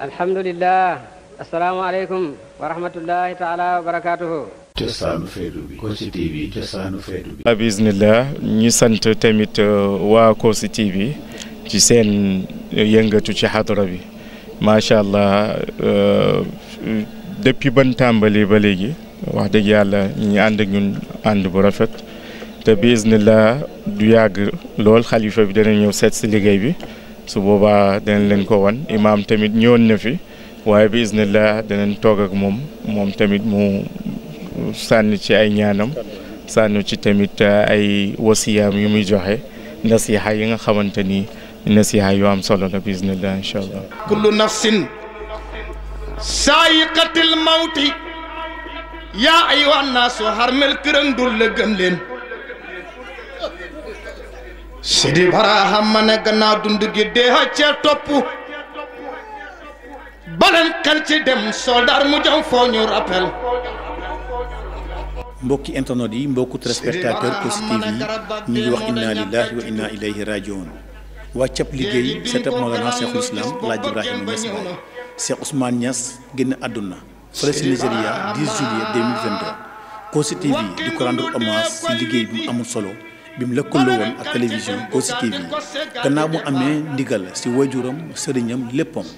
alhamdulillah asalaamaaleykum wa rahmatullahi taala wa barakaatuhu cosaanu feetu bi Kossy TV cosaanu bi bismillah ñu sant uh, waa Kossy TV ci seen uh, yëngatu ci xadara bi macha allah uh, depuis ban tàmbali ba léegi wax dëgg yàlla ñu ànd ñun ànd bu rafet te biiznillah du yàgg lool xalifa bi dana ñëw seet si liggéey bi su boobaa danañ leen ko wan maam tamit ñëwoon na fi waaye bi isnillah danañ toog ak moom moom tamit mu sànni ci ay ñaanam sànni ci tamit uh, ay wasiyaam yu muy joxe nasiha yi nga xamante ni nasiha yu am solo la bi isnillah incha allah kullu nafsin saayiqatil mawti yaa ayyuhan naasu harmel këram dul la gëm leen Sidi Baraham ma ne gannaaw dund gi dee cee topp baleen kan ci dem soldaar mu jëm foo ñu rappel mbokki internet yi mbokku téléspectateur Kossy TV ñu ngi wax inna lillahi wa inna ilayhi rajiun waa cab liggéey seetab Mawlana Cheikhul Islam Laaj Ibrahima Niass Baye Cheikh Ousmane Niass génn àdduna fële si Nigéria 10 juillet 2022 Kossy TV di ko rendre hommage liggéey bi amul solo bi mu lëkkaloo woon ak télévision Kossy TV gannaaw mu amee ndigal si wajuram serignam leppam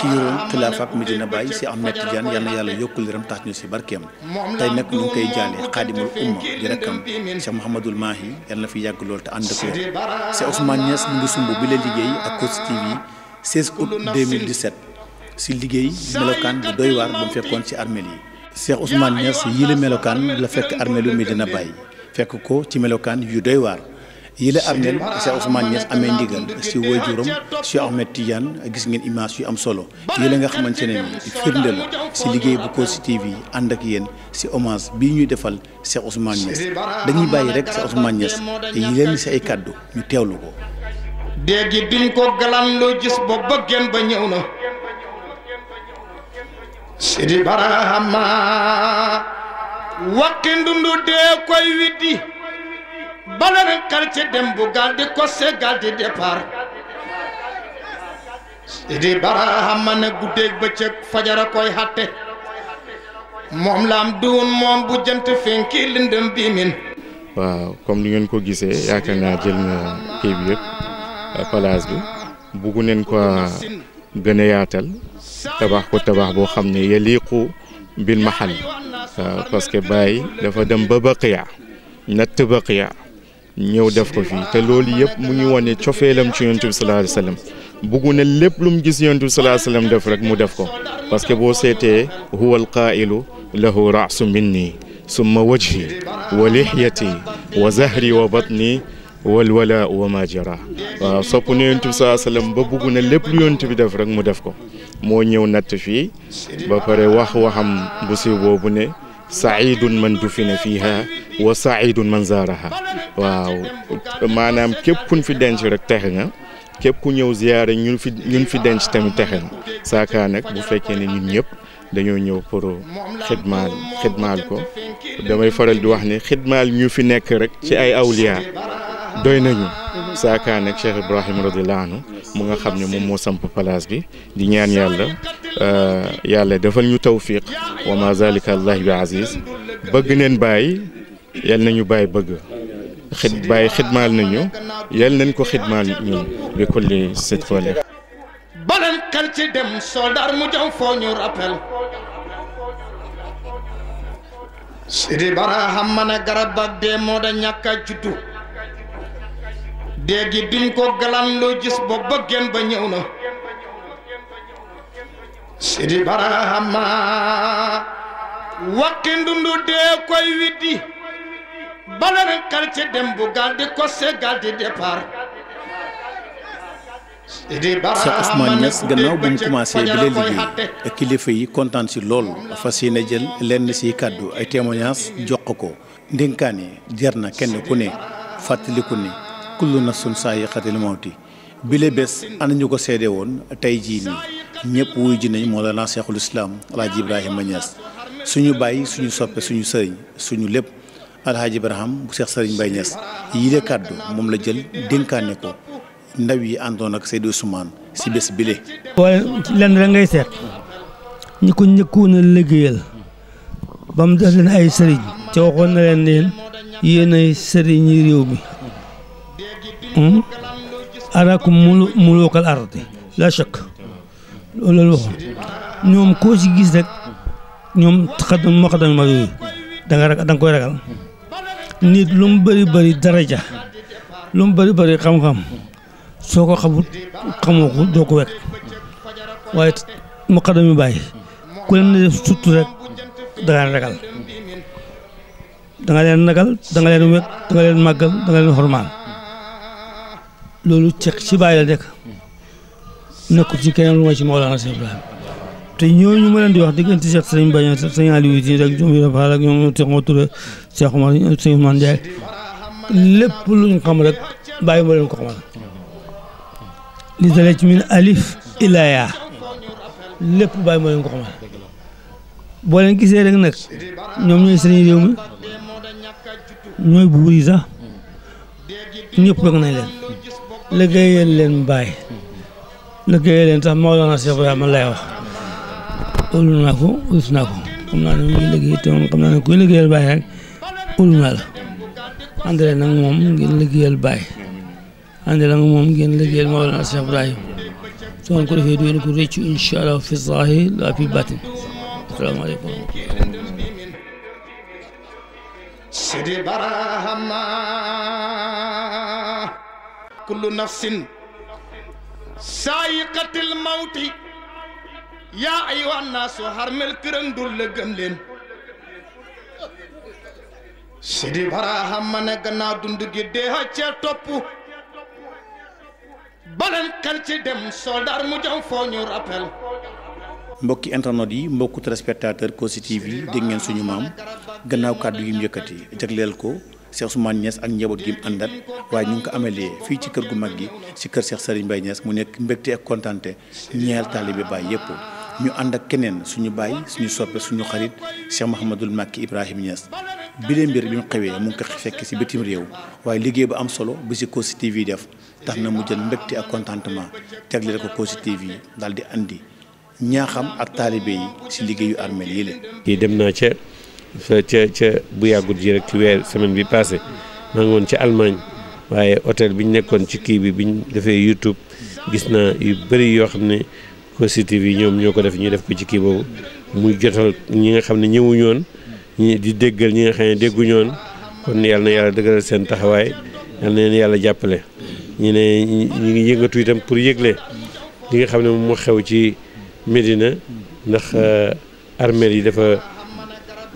ki yoroon xilaafab Medina Baye si Ahmed Tidiane yalla yalla yàlla yokk tax ñu si barkem tay nag ñu koy jaale khadimul umma di rakkam Cheikh Mouhamadul Mahi yalla fi yag lool ta and ko Cheikh Ousmane Niass ngi sumb bi la liggéey ak Kossy TV 16 août 2017 si liggéey melokan bu doy waar bu mu ci si yi Cheikh Ousmane Niass yii la melokaan la fekk armeelu Medina Baye fekk ko ci melokaan yu doy waar yi la armeel Cheikh Ousmane Niass amee ndigal si waajuram Cheikh Ahmed Tidiane gis ngeen image yu am solo yi nga xamante ne ni firnde la si liggéey bu ci TV ànd ak yéen si hommage bii ñuy defal Cheikh Ousmane Niass dañuy bàyyi rek Cheikh Ousmane Niass yi leen ay kàddu ñu teewlu ko déggi biñ ko galan loo gis ba bëggeen ba ñëw na Sidi Barahama waxi ndundu dee koy widdi balen quartier dem bu galdi kosse galdi départ Sidi Barahama ne guddeeg bëccëg fajara koy xatte moom laam duun moom bu jant fenki lëndëm bii min waaw comme ni ngeen ko gisee yaakaar naa jël na kii bi yëpp bi bugg neen ko gën a yaatal tabax ko tabax boo xam ne yaliqu bil mahal waaw parce que Baye dafa dem ba Baqiya natt Baqiya ñëw def ko fii te loolu yëpp mu ngi wane cofeelam ci yonent bi sallallahu alayhi wasallam bugg na lépp lu mu gis yonent bi sallallahu alayhi wasallam def rek mu def ko parce que boo seetee huwa alqaa'ilu lahu ra'su minni summa wajhi wa lihyati wa zahri wa batni walwala wa ma jara waaw sopp na yonent bi sallallahu alayhi wasallam ba bugg na lépp lu yonent bi def rek mu def ko moo ñëw natt fii ba pare wax waxam bu si boobu ne saidun man dufina fiha wa saidun man zaaraha waaw maanaam képp kuñ fi denc rek texe nga képp ku ñëw ziyaare ñun fi ñun fi denc tamit texe na saaka nag bu fekkee ne ñun ñëpp dañoo ñëw pour xidmaal xidmaal ko damay faral di wax ne xidmaal ñu fi nekk rek ci ay awliya doy nañu saakaane ak Cheikh Ibrahima radiyallahu mu nga xam ne moom moo samp place bi di ñaan yàlla euh, yàlla defal ñu tawfiq wa ma zalika allahi bi aziz bëgg neen bàyyi yal nañu bàyyi bëgg xid bàyyi xidmaal nañu yal nañ ko xidmaal ñu bi kulli sidq wala balan ci dem soldaar mu jaw foo ñu rappel sidi bara xam ma garab ak dee moo da ñàkk a juddu degi biñ ko galan lo gis bo bëggeen ba ñëw na sidi barahama wakki ndundu de koy widdi bala na quartier dem bu gal di kosse gal di départ sa Ousmane Niass gannaaw bu mu commencé bi la liggéey kilifa yi kontaan si lool fas yéene jël lenn si kàddu ay témoignage jox ko ndénkaane jar na kenn ku ne fàttaliku ne kullu nafsun saayiqatil mawti bile bés ana ñu ko seede woon tey jii nii ñëpp wuy ji nañ moo la naa seexul islaam alhaji ibrahima Niass suñu bàyyi suñu soppe suñu sëriñ suñu lépp alhaji ibraham bu seex sëriñ Baye Niass yile kàddu moom la jël dénkaane ko ndaw yi àndoon ak Seydou Ousmane si bés bile lenn la ngay seet ñi ko njëkkoon a liggéeyal ba mu def leen ay sëriñ te waxoon na leen leen yéenay sëriñ yi réew mi Hmm? ara arakum mulu mulu kal ardi la shak lolu lo ñom ko ci gis rek ñom taqaddum maqdam ma yi da nga rek dang koy ragal nit lu mu bari bari daraja lu mu bari bari xam xam soko xamul xamoko do ko wek waye maqdam yi bay ku len def sutu rek da nga ragal da nga len ragal da nga len wek da nga len magal da nga len hormal loolu ci ci bàyyi la nekk nekkul ci keneen lu ma ci Mawlana Cheikh Ibrahim te ñooñu ma leen di wax diggante Cheikh Sëriñ Baña Sëriñ Aliou Sy rek ñoom Ibra Fall ak ñoom Cheikh Matouré lépp luñ xam rek bàyyi ma leen ko ci min alif ilaa yaa lépp ma leen ko xamal boo leen gisee rek nag ñoom ñooy sëriñ réew mi ñooy buur yi sax ñëpp bëgg nañ leen liggéeyal leen baay liggéeyal leen sax Mawlana Cheikh Ibrahima lay wax ulu naa ko us naa ko xam naa ne mu moom ulu naa la ànd leen nag moom ngeen liggéeyal baay ànd leen nag moom ngeen liggéeyal Mawlana Cheikh Ibrahima su ko defee du ngeen ko rëccu incha fi zahir la batin asalaamaaleykum Sidi kullu nafsin saayiqatil mawti yaa ayyuha naasu harmel këram dul la gëm leen Sidi Baraham ma ne gannaaw dund gi dee ca topp baleen kan ci dem soldaar mu jëm foo ñu mbokki internet yi mbokku téléspectateur Kossy TV dégg ngeen maam gannaaw kàddu yi mu yëkkati jagleel ko Cheikh Ousmane Niass ak njaboot gi mu àndat waaye ñu ngi ko amalee fii ci kër gu mag gi si kër Cheikh Serigne Mbaye Niass mu nekk mbégte ak kontante ñeel taalibe Baye yëpp ñu ànd ak keneen suñu bàyyi suñu soppee suñu xarit Cheikh Mahamadul Makki Ibrahima Niass bilee mbir bi mu xewee mu ngi ko fekk si bitim réew waaye liggéey bu am solo bu si Kossy TV def tax na mu jël mbégte ak contentement tegle ko Kossy TV daal di andi ñaaxam ak taalibe yi si liggéeyu armeel yi la. dem naa ca fa ca ca bu yàggut ji rek ci weer semaine bi passé maa ngi woon ci Allemagne waaye hôtel bi ñu nekkoon ci kii bi bi ñu defee YouTube gis naa yu bëri yoo xam ne positif yi ñoom ñoo ko def ñu def ko ci kii boobu muy jotal ñi nga xam ne ñëwuñu woon ñi di déggal ñi nga xam ne dégguñoon kon yàlla na yàlla dëgëral seen taxawaay yàlla na yàlla jàppale ñu ne ngi yëngatu itam pour yëgle li nga xam ne moom moo xew ci Médina ndax euh, armeel yi dafa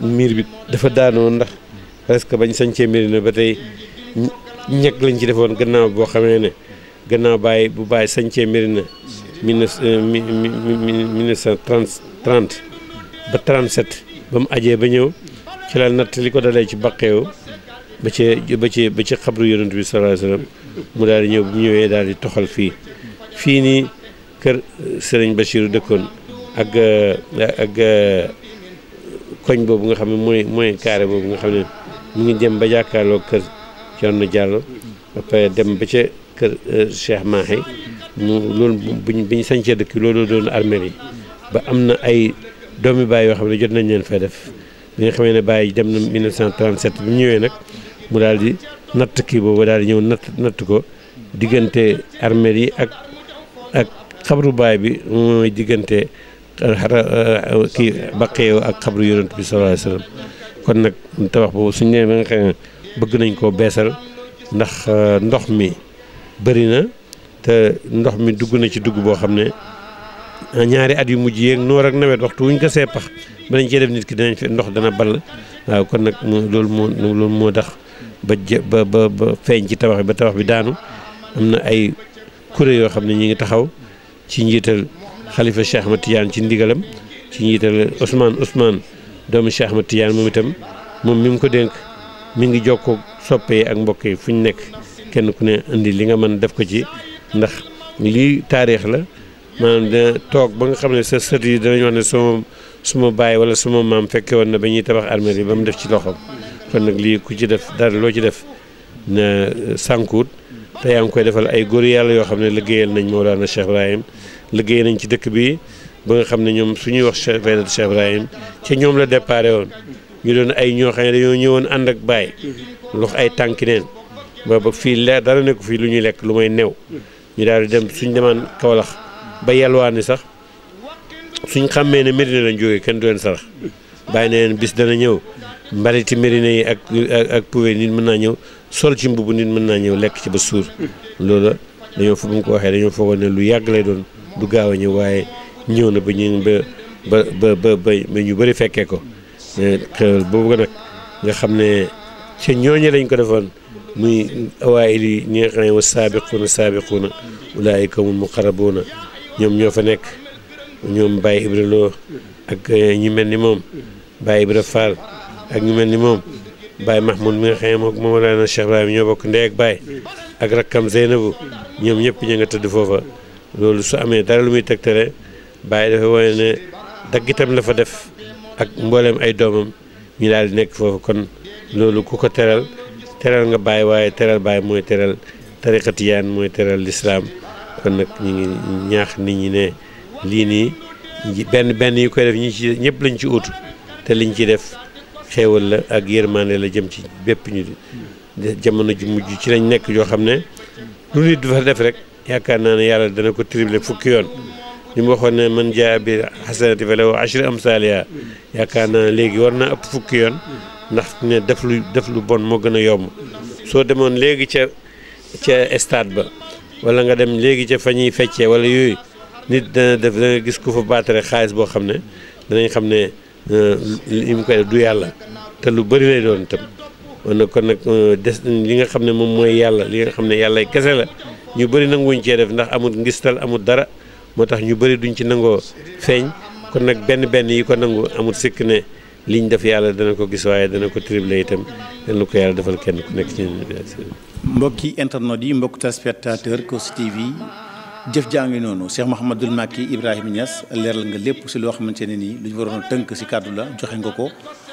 miir bi dafa daanoon ndax presque bañ sañcee Médina ba tey ñeg lañ ci defoon gannaaw boo xamee ne gannaaw bàyyi bu bàyyi sañcee Médina euh, mille neuf cent trente ba 37 ba mu ajee ba ñëw ci la natt li ko dalee ci baqeew ba ci ba ci ba ci xabru yonent bi sallallahu mu daal di ñëw bu ñëwee daal di toxal fii fii nii kër ba euh, Bachir dëkkoon ak euh, koñ boobu nga xam ne mooy mooy carré boobu nga xam ne mu ngi jëm ba jàkkaarloo kër Thierno Diallo ba dem ba ca kër euh, Cheikh Mahi loolu buñ bi ñu sañcee dëkk loolu doon armeel yi ba am na ay doomi baay yoo xam ne jot nañ leen fay def bi nga xamee ne bàyyi dem na 1937 bi mu ñëwee nag mu daal di natt kii boobu daal di ñëw natt natt ko diggante armeel yi ak ak xabru baay bi mooy diggante. Eh, eh, kii baqee ak xabru yonent bi sallallahu alayhi wa sallam kon nag tabax boobu suñ nee ba nga xam ne bëgg nañ koo beesal ndax eh, ndox mi bëri na te ndox mi dugg na ci dugg boo xam ne ñaari at yu mujj yeeg noor ak nawet waxtu wuñ ko see pax ba nañ cee def nit ki danañ fi ndox dana ball waaw kon nag loolu moo loolu moo tax ba ba ba ba feeñ ci tabax bi ba tabax bi daanu am na ay kuréel yoo xam ne ñu ngi taxaw ci njiital xalifa Cheikh Ahmed Tidiane ci ndigalam ci njiital Ousmane Ousmane doomu Cheikh Ahmed Tidiane moom itam moom mi mu ko dénk mi ngi jokkoo soppee ak mbokk yi fu ñu nekk kenn ku ne indi li nga mën def ko ci ndax lii taarix la maanaam dina toog ba nga xam ne sa sët yi danañ wax ne suma suma baay wala suma maam fekkee woon na ba ñuy tabax armée yi ba mu def ci loxoom kon nag lii ku ci def dara loo ci def na sànkuut te yaa ngi koy defal ay góor yàlla yoo xam ne liggéeyal nañ Mawlana Cheikh Ibrahim liggéey nañ ci dëkk bi ba nga xam ne ñoom su ñuy wax Veylade Cheikh Ibrahim ca ñoom la déparé woon ñu doon ay ñoo xam ne dañoo ñëwoon ànd ak baay lox ay tànki neen ba ba fii leer dara nekku fii lu ñuy lekk lu may new ñu daal di dem suñ demaan Kawlax ba yalwaani sax suñ xàmmee ne Medina lañ jógee kenn du leen sarax bàyyi na leen bis dana ñëw mbariti Medina yi ak ak puwe nit mën naa ñëw sol ci mbubu nit mën naa ñëw lekk ci ba suur loolu dañoo fa ko waxee dañoo foogoon lu yàgg lay doon du gaaw a ñëw waaye ñëw na ba ñu ba ba ba ba ñu fekkee ko eh, xewal boobu nag nga xam ne ca ñooñu lañ ko defoon muy waaye yi ñi nga xam ne wa saabiquuna saabiquuna ulaayika humul muqarrabuuna ñoom ñoo fa nekk ñoom Baye Ibra Lo eh, ak ñu mel ni moom Baye Ibra Fall ak ñu mel ni moom Baye Mahmoud mi nga xam ne moom Mawlana Cheikh Ibrahima ñoo bokk ndey ak Baye ak rakkam Zeynabu ñoom ñëpp ñu nga tëdd foofa loolu su amee dara lu muy tegtale bàyyi dafa wane ne daggitam la fa def ak mbooleem ay doomam ñu daal di nekk foofu kon loolu ku ko teral teral nga bàyyi waaye teral bàyyi mooy teral tariqa tijaan mooy teral lislaam kon nag ñu ngi ñaax nit ñi ne lii nii benn benn yi koy def ñi ci ñëpp lañ ci ut te liñ ci def xéewal la ak yërmande la jëm ci bépp ñu jamono ju mujj ci lañ nekk joo xam ne lu nit dafa def rek yaakaar naa ne yàlla dana ko triplé fukki yoon li mu waxoon ne man jaa bi xasanati fa lahu ashri amsaaliha yaakaar naa ne léegi war naa ëpp fukki yoon ndax ne def lu bon moo gën a yomb soo demoon léegi ca ca stade ba wala nga dem léegi ca fa ñuy feccee wala yooyu nit dana def da gis ku fa baatare xaalis boo xam ne danañ xam ne euh, li mu koy def du yàlla te lu bëri lay doon itam kon nag euh, des li nga xam ne moom mooy yàlla li nga xam ne yàlla kese la ñu bëri nanguwuñ cee def ndax amul ngistal amul dara moo tax ñu bëri duñ ci nangoo feeñ kon nag benn benn yi ko nangu amul sikk ne liñ def yàlla dana ko gis waaye dana ko triblé itam dana ko yàlla defal kenn ku nekk ci mbokki internet yi mbokk téléspectateur Kossy TV jëf jaa ngi noonu Cheikh Mouhamadul Macky Ibrahima Niass leeral nga lépp si loo xamante ne nii lu ñu waroon a tënk si kàddu la joxe nga ko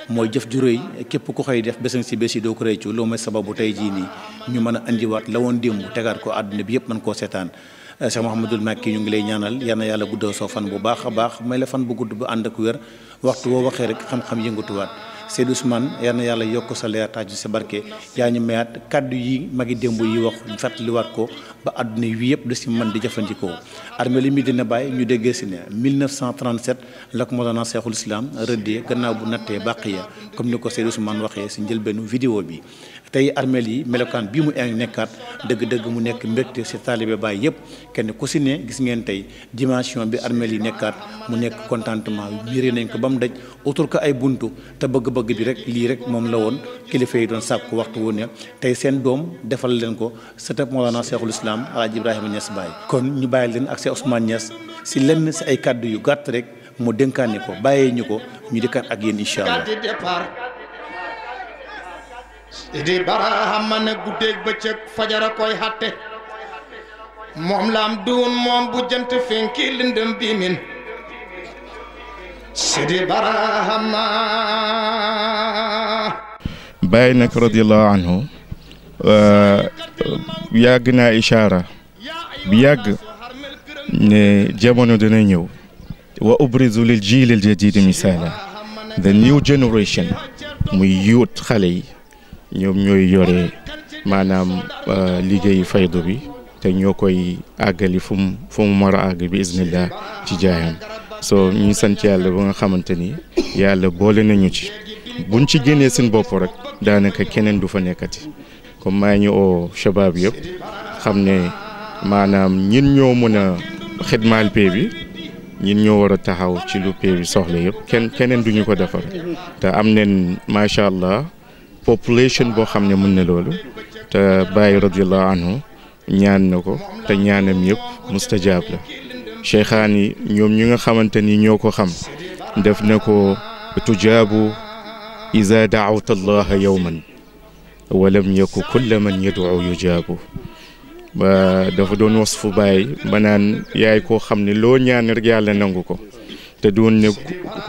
mooy jëf ju rëy képp ku koy def bésan si bés yi doo ko rëccu loo may sababu tey jii nii ñu mën a indiwaat la woon démb tegaat ko àdduna bi yëpp mën koo seetaan eh, Cheikh Mouhamadul Makki ñu ngi lay ñaanal yal na yàlla guddal soo fan bu baax a baax may la fan bu gudd bu ànd ak wér waxtu woo waxee rek xam-xam yëngatuwaat Seydou Ousmane yal na yàlla yokk sa leer taaj sa barke yaa ñu mayaat kàddu yi magi démb yi wax fàttaliwaat ko ba àdduna yi yëpp da si man di jëfandikoo armée li Medina Baye ñu déggee si ne 1937 la ko Mawlana Cheikhul Islam rëddee gannaaw bu nattee bàq ya comme ni ko Seydou Ousmane waxee si njëlbeenu vidéo bi tey armeel yi melokaan bii mu nekkaat dëgg-dëgg mu nekk mbégte si taalibe bàyyi yëpp kenn ku si ne gis ngeen tey dimension bi armeel yi nekkaat mu nekk contentement miiree nañ ko ba mu daj autour ko ay buntu te bëgg-bëgg bi rek lii rek moom la woon kilifa yi doon sàkku waxtu wu ne tey seen doom defal leen ko sëtëb Mawlana Cheikhul Islam Alaaji Ibrahima Niass Baye kon ñu bàyyi leen ak Cheikh Ousmane Niass si lenn si ay kàddu yu gàtt rek mu dénkaane ko bàyyee ñu ko ñu dikkaat ak yéen idi bara xam ma ne guddeeg bëccëg fajara koy xatte moom laam duun moom bu jant fenki lëndëm bi min sidi bara xam ma bàyyi nag radiallahu anhu yàgg naa ishaara bi yàgg ne jamono dina ñëw wa ubrizu lil jiil al jadid misaala the new generation muy yuut xale yi ñoom ñooy yore maanaam euh, liggéeyu faydu bi te ñoo koy àggali fu mu fu mu mar a àgg bi isnillah ci jaayam so ñu sant yàlla ba nga xamante ni yàlla boole nañu ci buñ ci génnee seen bopp rek daanaka keneen du fa nekkati comme maa ñu oo shabab yëpp xam ne maanaam ñin ñoo mën a xidmaal pee bi ñin ñoo war a taxaw ci lu pee bi soxla yëpp kenn keneen du ñu ko defar te am neen macha allah. population boo xam ne mën na loolu te Baye radiallahu anhu ñaan na ko te ñaanam yëpp mustajaab la cheikhaan yi ñoom ñi nga xamante ni ñoo ko xam def na ko tujaabu ida daawta allaha yowman walam yaku kulla man yaduu yujaabu ba dafa doon wasfu Baye ba naan yaay koo xam ne loo ñaan rek nangu ko te doon ne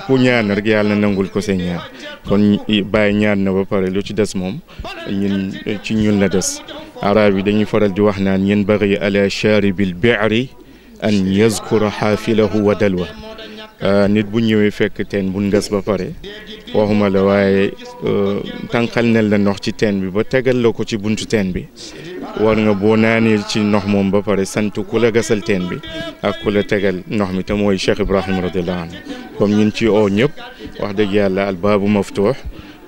ku ñaan rek yàlla nangul ko seen ñaan kon bàyyi ñaan na ba pare lu ci dess mom ñun ci ñun la dess arabiy dañuy faral di wax naan yéen bëri ala sharibil bi'ri an yazkura hafilahu wa dalwa Euh, nit bu ñëwee fekk teen bu ngas ba pare waxuma la waaye euh, tànqal nel la ndox ci teen bi ba tegal la ko ci buntu teen bi war nga boo naanee ci ndox moom ba pare sant ku la gasal teen bi ak ku la tegal ndox mi te mooy Cheikh Ibrahima radiallahu anhu comme ñun ci oo ñëpp wax dëgg yàlla albaabu maftuux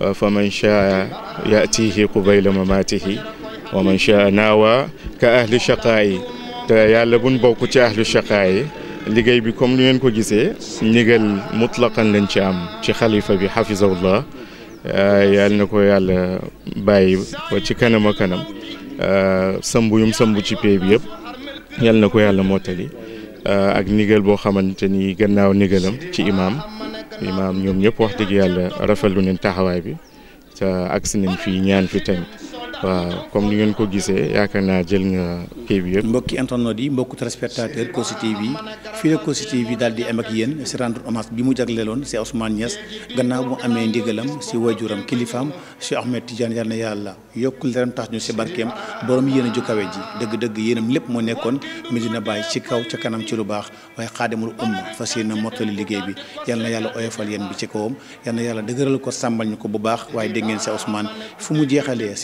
euh, fa man chaa yatihi qubayla mamatihi wa man chaa naawa ka ahli shaqaayi te yàlla buñ bokk ci ahlu shaqaayi liggéey bi comme ni ngeen ko gisee ndigal mutlaqan lañ ci am ci xalifa bi xafizahullah euh, yàlla na ko yàlla bàyyi ba ci kanam a kanam euh, sëmb yum sëmb ci pay bi yëpp yàlla na ko yàlla mottali euh, ak ndigal boo xamante ni gannaaw ndigalam ci imaam imaam ñoom ñëpp wax dëgg yàlla rafetlu nañ taxawaay bi te agsi nañ fii ñaan fi tamit waaw comme ni ngeen ko gisee yaakaar naa jël nga kii bi yëpp. mbokki internet yi mbokki téléspectateur Kossy TV fii la Kossy TV daal di am ak yéen si rendre hommage bi mu jagleeloon si Ousmane Niass gannaaw bu amee ndigalam si wajuram kilifaam si Ahmed Tidiane yal na yàlla yokk leeram tax ñu si barkeem borom yéen a ju kawe ji dëgg-dëgg yéenam lépp moo nekkoon Medina Baye ci kaw ca kanam ci lu baax waaye mul umma fas yéene mottali liggéey bi yal na yàlla oyofal yéen bi ci kawam yal na yàlla dëgëral ko sàmbal ko bu baax waaye dégg ngeen si mu jeexalee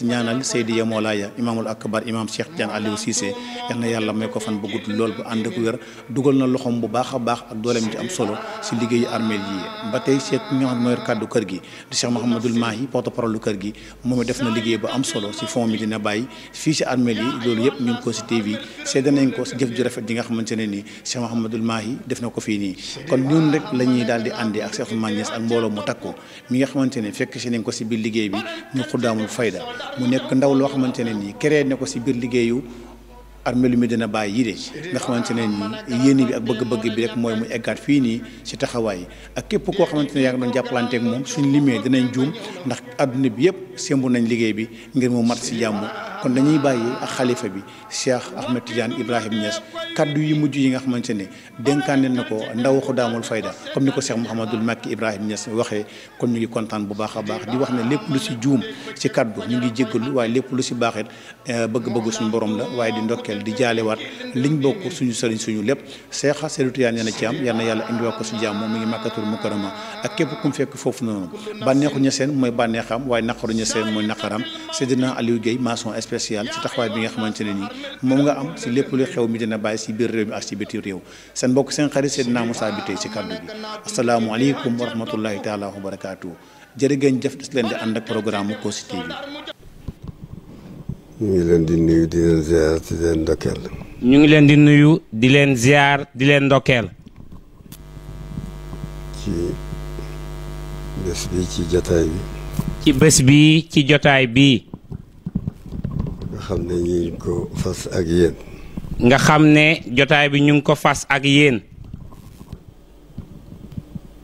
Seydi ya molaya imamul akbar Imam Cheikh tian ali Cissé yal yalla may ko fan bu gudd lool bu and ak wér dugal na loxom bu baakha baax ak dolem ci am solo ci liggéeyu armeel yi batay tey Cheikh ñoo xam ne mooy kër gi di Cheikh mohammedul Mahi porte parole kër gi momi def na liggéey bu am solo si fond mi dina bàyyi fi ci armeel yi loolu yëpp ñu ko ci TV sédé nañ ko si jëf ju rafet ji nga xamantene ni Cheikh mohammedul Mahi def na ko fi ni kon ñun rek lañuy ñuy daal di àndee ak Cheikh Magnès ak mbolo mu takko mi nga xamantene fekk ci nañ ko ci bi liggéey bi ñu xudamul fayda mu nekk ndaw loo xamante ne nii créé na ko si biir liggéeyu armeelu Medina Baye yi de nga xamante ne nii yéene bi ak bëgg-bëgg bi rek mooy mu eggaat fii nii si taxawaay ak képp koo xamante ne yaa ngi doon jàppalanteeg moom suñ limee dinañ juum ndax adduna bi yëpp sembu nañ liggéey bi ngir mu mat si jàmm kon dañuy bàyyi ak xalifa bi Cheikh Ahmed Tidiane Ibrahima Niass kaddu yi mujj yi nga xamante ne dénkaane na ko ndaw xudaamul fayda comme ni ko Cheikh Mouhamadul Makki Ibrahima Niass waxee kon ñu ngi kontaan bu baax a baax di wax ne lépp lu si juum si kaddu ñu ngi jéggalu lépp lu si baaxit eh, bëgg-bëgg suñu ndokkeel di jaalewaat liñ bokk suñu sëriñ suñu lépp seexa Seydou Tidiane yeen a ci am yal na yàlla indiwaat ko si jàmm moom mi ngi màkkatul mukarama ak képp ku fekk foofu noonu bànneexu ña seen mooy bànneexam waaye naqaru ña seen mooy naqaram Seydina Aliou Guèye maçon spécial si taxawaay bi nga xamante ne nii moom nga am si lépp lu xew mi dina bàyyi si biir réew mi ak si biti réew seen bokk seen xarit Seydina Moussa bi tey si kàddu bi asalaamualeykum wa rahmatullahi taala wa barakaatu jërë ngeen jëf des leen di ànd ak programme Kossy ñu ngi leen di nuyu di leen ziar di leen ndokkeel. ñu ngi leen di nuyu di leen ziar di leen ndokkeel. ci bés bi ci jotaay bi. nga xam ne ñu ngi ko fas ak yéen. nga xam ne jotaay bi ñu ngi ko fas ak yéen.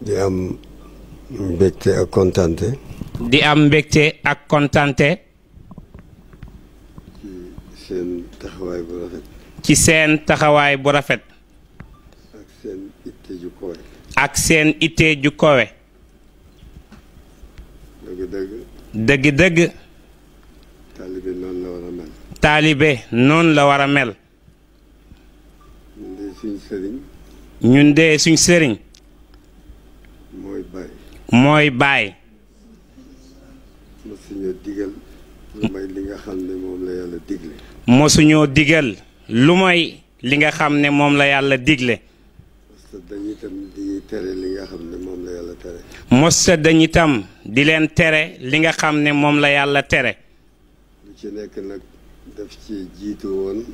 di am mbégte di am mbégte ak kontante. ci seen taxawaay bu rafet. ak seen ittee ju kowe. ak seen ittee ju kowe. dëgg-dëgg. dëgg taalibe noonu la war a mel. taalibe noonu la war mel. ñun de suñ sëriñ. mooy baay. mooy baay. digal lu may li nga xam ne. mosuñoo digal lu mooy li nga xam ne moom la yàlla digle. mosta dañ itam di leen tere li nga xam ne moom la yàlla tere. lu ci nekk nag daf ci jiitu woon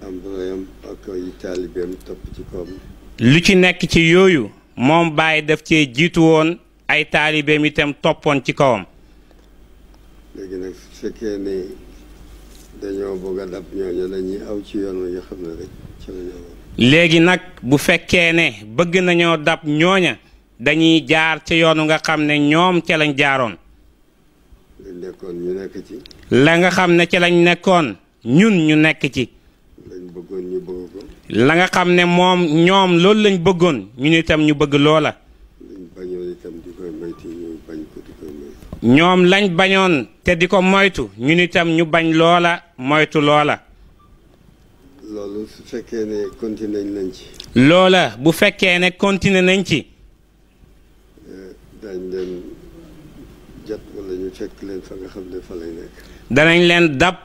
am royam ak ay taalibeem topp ci koom. lu ci nekk ci yooyu moom Baye def ci jiitu woon ay taalibeem itam toppoon ci kawam. dañoo bëgg a léegi nag bu fekkee ne bëgg nañoo dab ñooña dañuy jaar ca yoonu nga xam ne ñoom ca lañ jaaroon. lañ nekkoon ñu nekk ci. la nga xam ne ca lañ nekkoon ñun ñu nekk ci. la nga xam ne moom ñoom loolu lañ bëggoon ñun itam ñu bëgg loola. ñoom lañ bañoon te di ko moytu ñun itam ñu bañ loola moytu loola. loolu su fekkee ne continué nañ ci. loola bu fekkee ne continué nañ ci. dañ danañ leen dab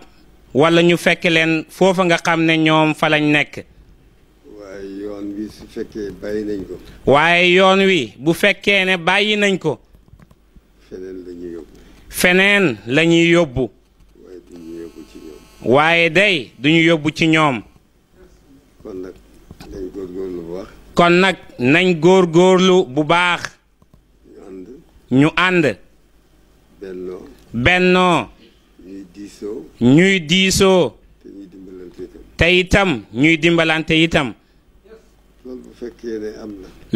wala ñu fekk leen foofa nga xam ne ñoom fa lañ nekk. waaye yoon wi su fekkee bàyyi nañ ko. waaye yoon wi bu fekkee ne bàyyi nañ ko. feneen lañuy yóbbu. waaye du ñu yóbbu ci ñoom. day du yóbbu ci ñoom. kon nag nañ góor bu bu baax. ñu ànd. ñu bennoo. ñuy diisoo. ñuy ñuy dimbalante itam. te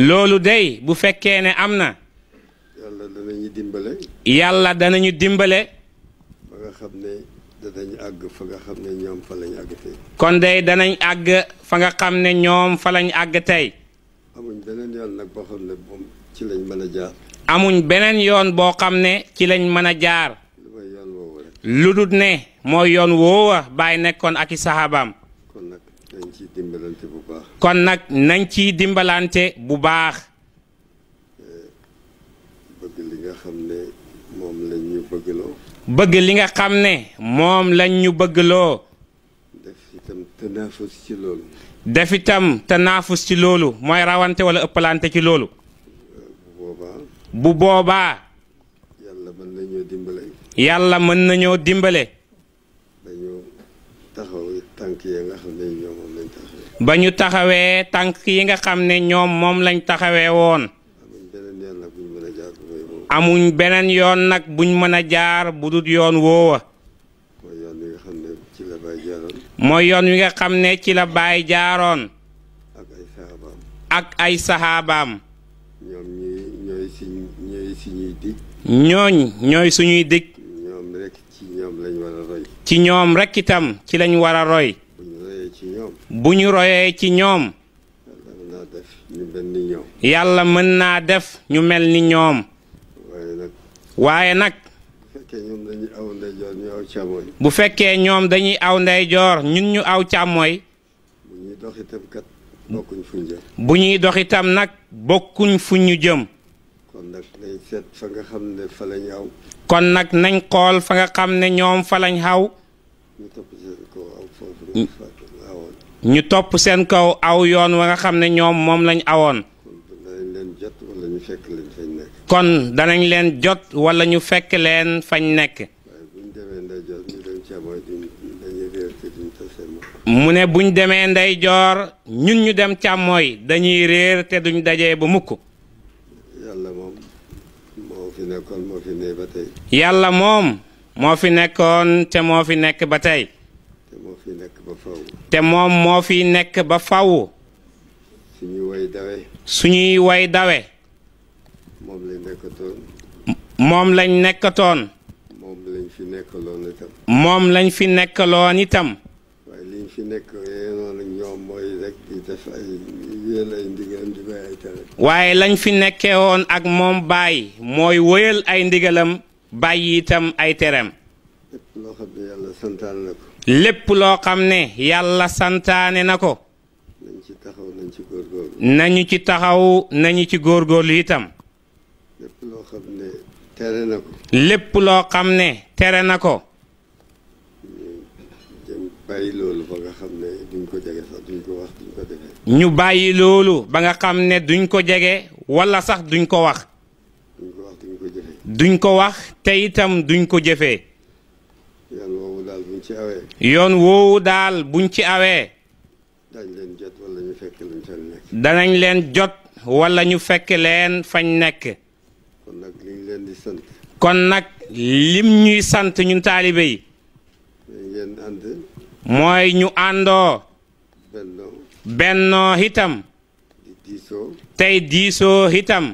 loolu day bu fekkee ne am na. danañu dimbale. yàlla danañu dimbale. ba nga xam ne xam ne ñoom lañ kon day danañ àgg fa nga xam ne ñoom fa lañ àgg tey. amuñ beneen yoon nag boo xam ne ci lañ mën a jaar. amuñ beneen yoon boo xam ne ci lañ mën a jaar. lu mooy yoon dul ne mooy yoon woowa bàyyi nekkoon ak i saxaabaam. kon nag nañ ciy dimbalante bu baax. nga xam ne moom lañ ñu bëggloo bëgg li nga xamne mom moom lañ ñu bëggloo def itam tanaafus ci loolu def itam tanaafus ci loolu mooy rawante wala ëppalante ci lolu bu boba yalla mën nañu dimbalé yalla mën nañu dimbalé bañu taxaw tank yi ya nga xamne ñoom moom lañ taxawee ba ñu taxawee yi nga xamne ñoom mom lañ taxawé won amuñ beneen yoon nag buñ mën a jaar bu yoon woowa mooy yoon wi nga xam ne ci la baay jaaroon ak ay saxaabaam ak ay saxaabaam ñoom ñooy suñuy ñooy suñuy dig ñooñ ñooy suñuy dig ñoom rek ci ñoom lañ itam ci lañ war a roy bu ñu royee ci ñoom bu ñoom yàlla mën naa def ñu mel ni ñoom waaye nag. bu fekkee ñoom dañuy aw ndeyjoor ñun ñu aw càmmooy. bu ñuy dox bu ñuy dox nag bokkuñ fu ñu jëm. kon nag nañ kon nag nañ xool fa nga xam ne ñoom fa lañ xaw. ñu topp seen kaw aw yoon wa nga xam ne ñoom moom lañ awoon. leen jot wala ñu kon danañ leen jot walla ñu fekk leen fañ nekk. mu ne buñ demee ndeyjoor ñun ñu dem càmmooy dañuy réer te duñ daje ba mukk. yàlla moom moo fi nekkoon moo ba tey. te moo fi nekk ba tey. te moo fi nekk ba faw. te moom dawe. suñuy way dawe. moom lañ nekkatoon. moom lañ nekkatoon. moom lañ fi nekkaloon itam. lañ fi nekkaloon itam. waaye liñ fi nekk ak lañ fi nekkee ak moom bàyyi mooy wéyal ay ndigalam bàyyi ay teram. lépp loo xam ne yàlla santaane na ko. lépp loo xam ne yàlla santaane na ko. ci taxaw nañu ci taxaw nañu itam. lépp loo xam ne tere na ko. lépp loo xam ne tere na ko. ñu bàyyi loolu ba nga xam ne duñ ko jege sax bàyyi loolu ba nga xam ne duñ ko jege wala sax duñ ko wax. duñ ko wax te itam duñ ko jëfee. yoon woowu daal buñ ci awee. dañ woowu leen jot wala ñu jot wala ñu fekk leen fañ nekk. kon nag lim ñuy sant ñun taalibe yi. mooy ñu àndoo. bennoo hitam. tey diisoo hitam.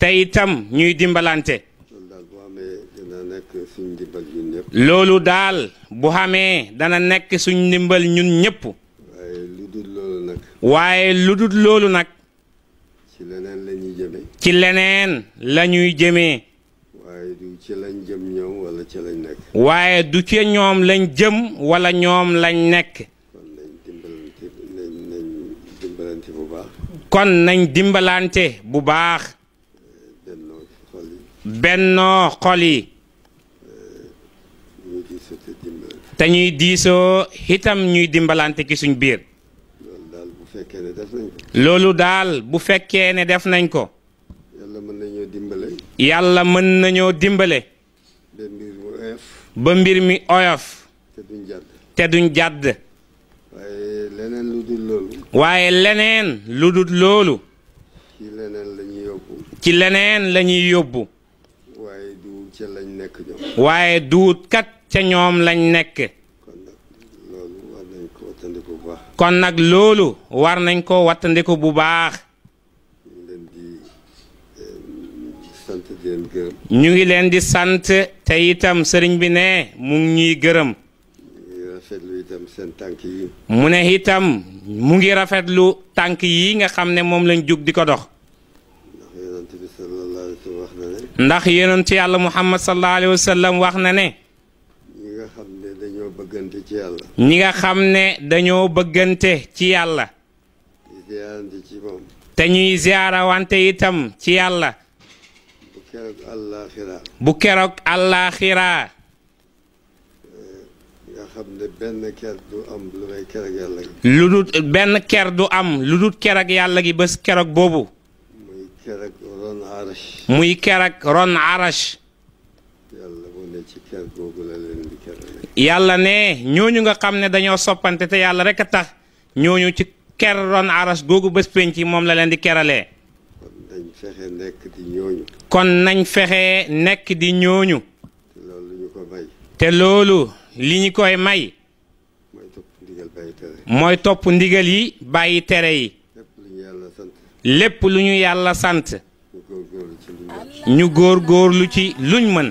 tey itam ñuy dimbalante. loolu daal bu xamee dana nekk suñ dimbal ñun ñépp. waaye lu loolu nag. ci leneen la ñuy ci leneen lañuy ñuy jëmee. ci lañ jëm ñoom wala ci lañ nekk. waaye du ci ñoom lañ jëm walla ñoom lañ nekk. kon nañ dimbalante bu baax. kon bennoo xol yi. bennoo te ñuy diisoo itam ñuy dimbalante ci suñ biir. loolu daal bu fekkee ne def nañ ko. yàlla mën nañoo dimbale. ba mbir mi oyof. te duñ jàdd. waaye leneen lu dul loolu. waaye leneen ci leneen la ñuy yóbbu. ci waaye duut lañ nekk ñoom. kat ca ñoom lañ nekk. kon nag loolu war nañ ko wattandiku bu baax. ñu ngi leen di sant te itam sëriñ bi ne mu ngi gërëm mu ne itam mu ngi rafetlu tànk yi nga xam ne moom lañ jug di ko dox ndax yonent yàlla muhammad sallallahu alayhi wasallam sallam wax na ne ñi nga xam ne dañoo bëggante ci yàlla te ñuy ziyaara wante itam ci yàlla keroog bu keroog àllaaxira eh, nga xam am lu may dul benn ker du am lu dul keroog yàlla gi bés keroog boobu muy keroog ron arash mu ne ci ker googu la leen di keroog yàlla ne ñooñu nga xam ne dañoo soppante te yàlla rek a tax ñooñu ci ker ron arash googu bés penc moom la leen di keralee dañ nekk di kon nañ fexe nekk di ñooñu. te loolu li ñu koy may. mooy topp ndigal yi. bàyyi tere yi. lépp lu ñu yàlla sant. lu ñu yàlla sant. ñu góorgóorlu ci luñ mën.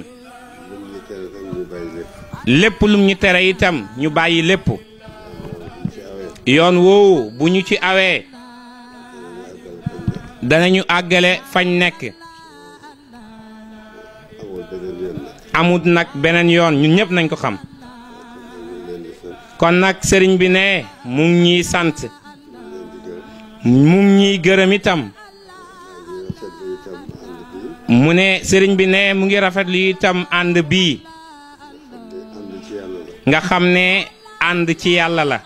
lépp lum ñu tere itam ñu bàyyi lépp. yoon woowu bu ñu ci awee. danañu agalé fañ nek amut nak benen yoon ñun ñep nañ ko xam kon nak sëriñ bi né mu ngi sante sant mu ngi ñuy gërëm itam mu né sëriñ bi né mu ngi li itam and bi nga xam ci yalla la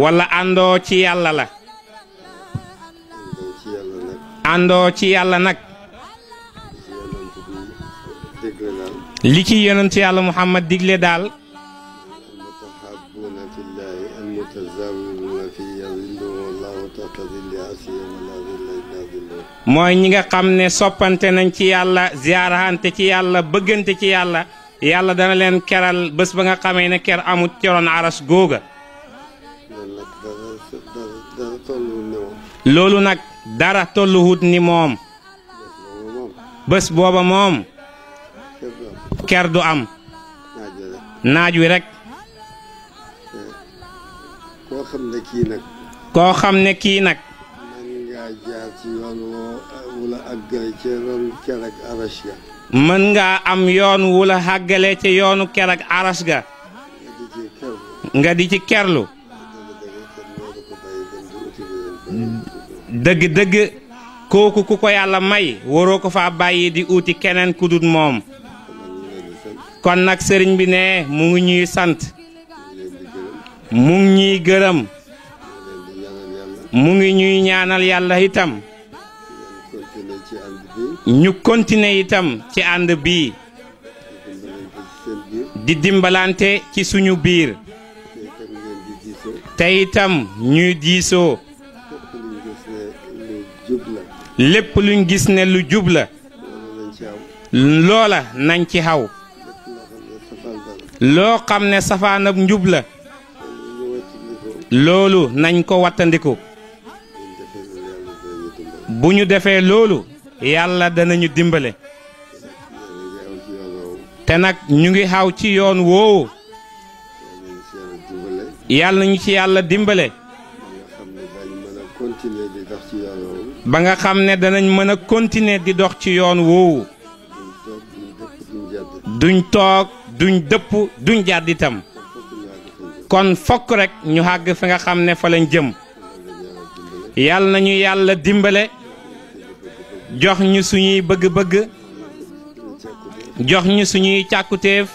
wala ando ci yalla la àndoo ci yàlla nag li ci yonent yàlla muhammad digle daal mooy ñi nga xam ne soppante nañ ci yàlla ziyaarahante ci yàlla bëggante ci yàlla yàlla dana leen keral bés ba nga xamee ne ker amut coroon aras googa loolu nag dara tolluwut ni moom bës booba moom kerdu am naaj wi rekk koo xam ne kii nag koo xam ne kii nag mën ngaa mën ngaa am yoon wula xàggale àggale yoonu ker ak aras ga nga di ci kerlu dëgg-dëgg kooku ku ko yàlla may waroo ko bàyyi di uuti keneen ku moom kon nag sëriñ bi ne mu ngi ñuy sant mu ngi ñuy gërëm mu ngi ñuy ñaanal yàlla itam ñu kontine itam ci ànd bii di dimbalante ci suñu biir te itam ñuy diisoo lépp luñ gis ne lu jub la loola nañ ci xaw loo xam ne safaanab njub la loolu nañ ko wattandiku bu ñu defee loolu yàlla danañu dimbale te nag ñu ngi xaw ci yoon woowu yàlla nañu ci yàlla dimbale ba nga xam ne danañ mën a continuer di dox ci yoon woowu duñ toog duñ dëpp duñ jàdd kon fokk rek ñu àgg fi nga xam ne fa lañ jëm yàlla nañu yàlla dimbale jox ñu suñuy bëgg-bëgg jox ñu suñuy càkkutéef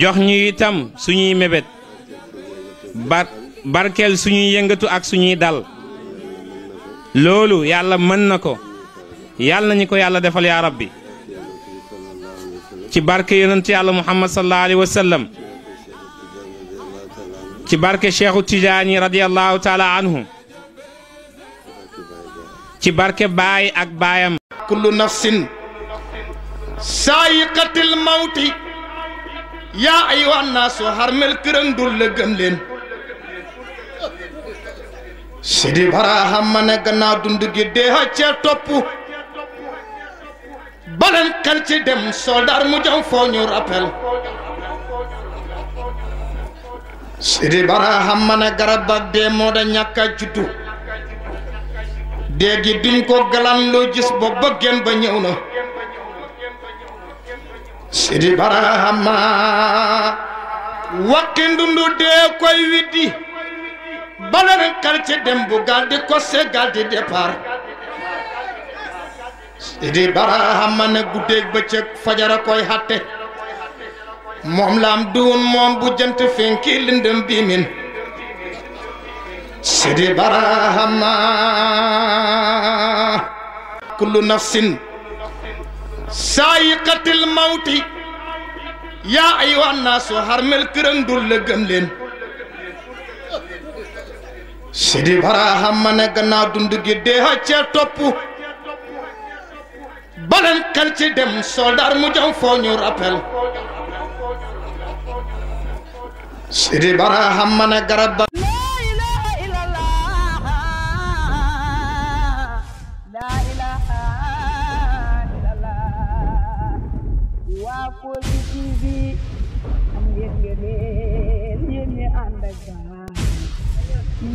jox ñu itam suñuy mébét barkel suñuy yëngatu ak suñuy dal لولو يالا من نكو يالا نيكو يالا دفل يا ربي تي بارك يونت يالا محمد صلى الله عليه وسلم تي بارك شيخ تجاني رضي الله تعالى عنه تي بارك باي اك بايام كل نفس سائقة الموت يا أيها الناس هرمل كرندول لغم لين Sidi Barahama ne gannaaw dund gi dee cee topp baleen xel dem soldaar mu jëm foo ñu rappel Sidi Barahama ne garab dee moo da ñàkk dee gi duñ ko galan loo gis ba bëggeen ba ñëw na Sidi Barahama waqi ndundu dee koy widdi balare quartier dem bu gal di kosse gal di départ Sidi Barahama ne guddeeg bëccëg fajara moom laam duun moom bu jant fenki bii min Sidi Barahama kullu nafsin saayiqatil mawti yaa ayyuhan naasu xarmel këram dul la gëm leen Sidi Barahama ne gannaaw dund gi dee cee topp baleen xel ci dem soldaar mu jëm foo rappel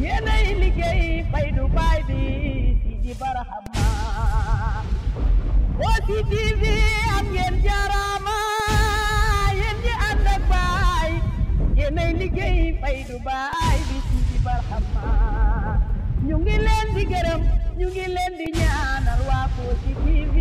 yéenay liggéey fay baay bi si ji barahama Kossy ñu ngi leen di gërëm ñu ngi leen di ñaanal waa Kossy TV